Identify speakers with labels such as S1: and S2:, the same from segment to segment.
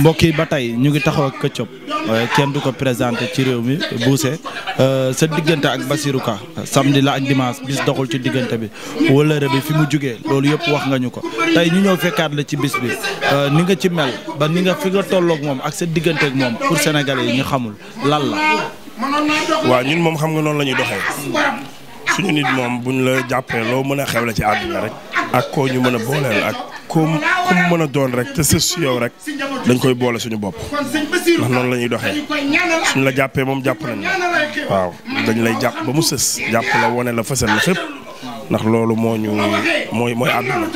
S1: mbokk yi ba tey ñu ngi taxaw ak Ketchup euh, kenn du ko présenté ci réew mi Bousse euh, sa diggante ak Basirou Ka la ak dimanche bis doxul ci diggante bi wëllëre bi fi mu jugee loolu yëpp wax nga ñu ko tey ñu ñëw fekkaat la ci bis bi euh, ni nga ci mel ba ni nga fi nga tolloog moom ak sa diggante ak moom pour sénégalais yi ñu xamul lan la. waaw ñun moom xam nga noonu la ñuy doxee.
S2: suñu nit moom buñ la jàppee loo mën a xewle ci àdduna rek ak koo ñu mën a booleel ak ku ku mën a doon rek te sës yow rek dañ koy boole suñu bopp
S1: ndax noonu la ñuy doxee
S2: suñ la jàppee moom jàpp nañ la dañ lay jàpp ba mu sës jàpp la wone la fësal la ndax loolu moo ñu mooy mooy àdduna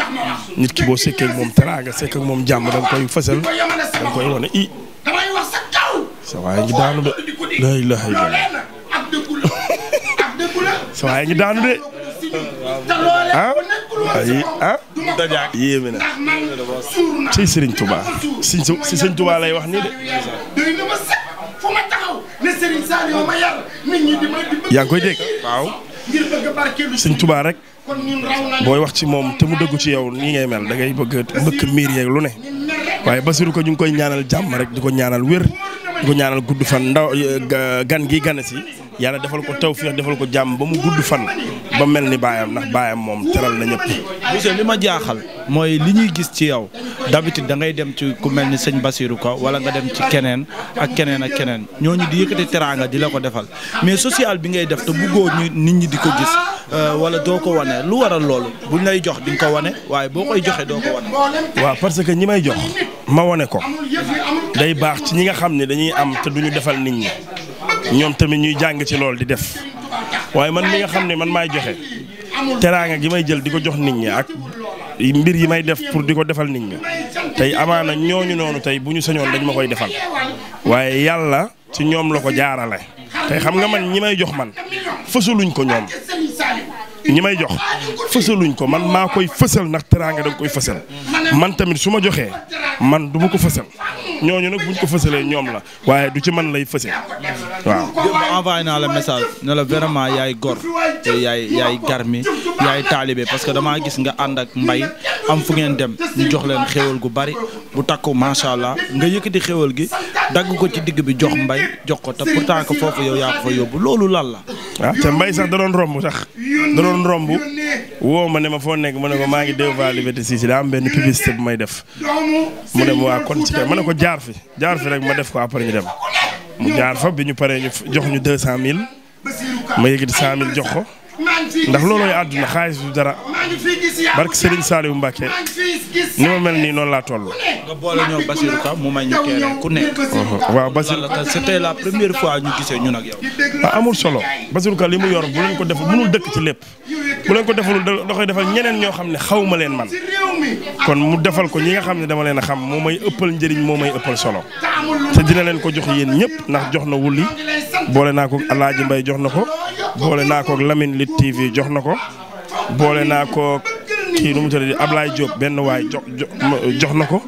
S2: nit ki boo sekkee moom teraanga sekk ak moom jàmm da nga koy fësal da nga koy wone i sa waaye daanu de la ilaha illallah sa waay ngi daanu de.
S1: ah ay ah? na. ci Serigne Touba si si Serigne lay wax nii de.
S2: yaa ngi koy dégg. waaw. tubaa rek. booy wax ci moom te mu dëggu ci yow nii ngay mel da ngay bëgg a miir yeeg lu ne. waaye Basiru ko ñu ngi koy ñaanal jàmm rek di ko ñaanal wér di ko ñaanal gudd fan ndaw eh, gan gi gane si. yàlla defal ko tew tawféex defal ko jàmm ba mu gudd fan
S1: ba mel ni baayam ndax baayam moom teral na ñëpp. monsieur li ma jaaxal mooy li ñuy gis ci yow d'habitude da ngay dem ci ku mel ni sëñ Basirou Ka wala nga dem ci keneen ak keneen ak keneen ñooñu di yëkkati teraanga di la ko defal mais social bi ngay def te bëggoo ñu nit ñi di ko gis euh, wala doo ko wane lu waral loolu buñ lay jox di ko wane waaye boo koy joxee doo ko
S2: waaw parce que ñi may jox ma wane ko day baax ci ñi nga xam ne dañuy am te duñu defal nit ñi. ñoom tamit ñuy jàng ci loolu di def waaye man mi nga xam ne man maay joxe teraanga gi may jël di ko jox nit ñi ak mbir yi may def pour di ko defal nit ñi tey amaana ñooñu noonu tey bu ñu sañoon dañ ma koy defal waaye yàlla ci ñoom la ko jaarale. tey xam nga man ñi may jox man fësaluñ ko ñoom ñi may jox fësaluñ ko man maa koy fësal ndax teraanga danga koy fësal man tamit su ma joxee man du ma ko fësal.
S1: ñooñu nag buñ ko fësalee ñoom la
S2: waaye du ci man
S1: lay fëse waaw. envoyé naa la message ne la vraiment yaay gor te yaay yaay garmi yaay taalibe parce que damaa gis nga ànd ak mbay am fu ngeen dem ñu jox leen xéwal gu bari bu takku macha allah nga yëkkati xéwal gi dagg ko ci digg bi jox mbay jox ko te pourtant que foofu yow yaa ko fa yóbbu loolu lan la. ah te mbay sax da doon romb sax
S2: da doon romb woo ma ne ma foo nekk ma ne ko maa ngi deux fois liberté si si daa am benn publicité bu may def mu ne ma waa kon ci ma ne ko jaar fi jaar fi rek ma def ko après ñu dem mu jaar fa bi ñu paree ñu jox ñu deux mille ma yëkkati cent jox ko.
S1: ndax loolooy àdduna xaalis du dara barke Serigne Saliou Mbacke ni ma mel nii noonu laa toll. nga boole ñoom Ka mu may ñu teere ku nekk. Uh-huh. waaw Basirou c'était la première fois ñu gisee ñun ak yow.
S2: Ah, amul solo Basirou Ka li mu yor bu leen ko def mënul dëkk ci lépp bu leen ko deful da koy defal ñeneen ñoo xam ne xaw leen man kon mu defal ko ñi nga xam ne dama leen a xam moo may ëppal njëriñ moo may ëppal solo te dina leen ko jox yéen ñëpp ndax jox na wulli boole naa ko Alaaji Mbay jox na ko. boole naa koog Lamine Lit TV jox na ko boole naa koog kii nu di tëddee Ablaye Diop benn waay jox jox na ko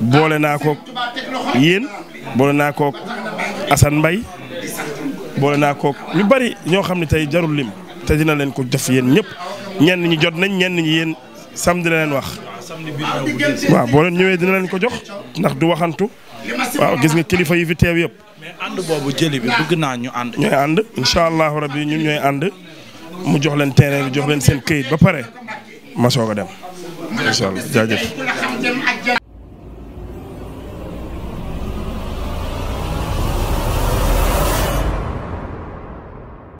S2: boole naa koog yéen boole naa kook Assane Mbaye boole naa kook ñu bari ñoo xam ne tey jarul lim te dina leen ko def yéen ñëpp ñenn ñi jot nañ ñenn ñi yéen samedi la leen wax. waaw boo leen ñëwee dina leen ko jox ndax du waxantu. waaw gis nga kilifa yi fi teew yëpp. mais boobu jëli bi bëgg naa ñu ànd. ñooy ànd incha allahu yi ñun ñooy ànd mu jox leen terrain bi jox leen seen këyit ba pare ma soog a dem incha allah jaajëf.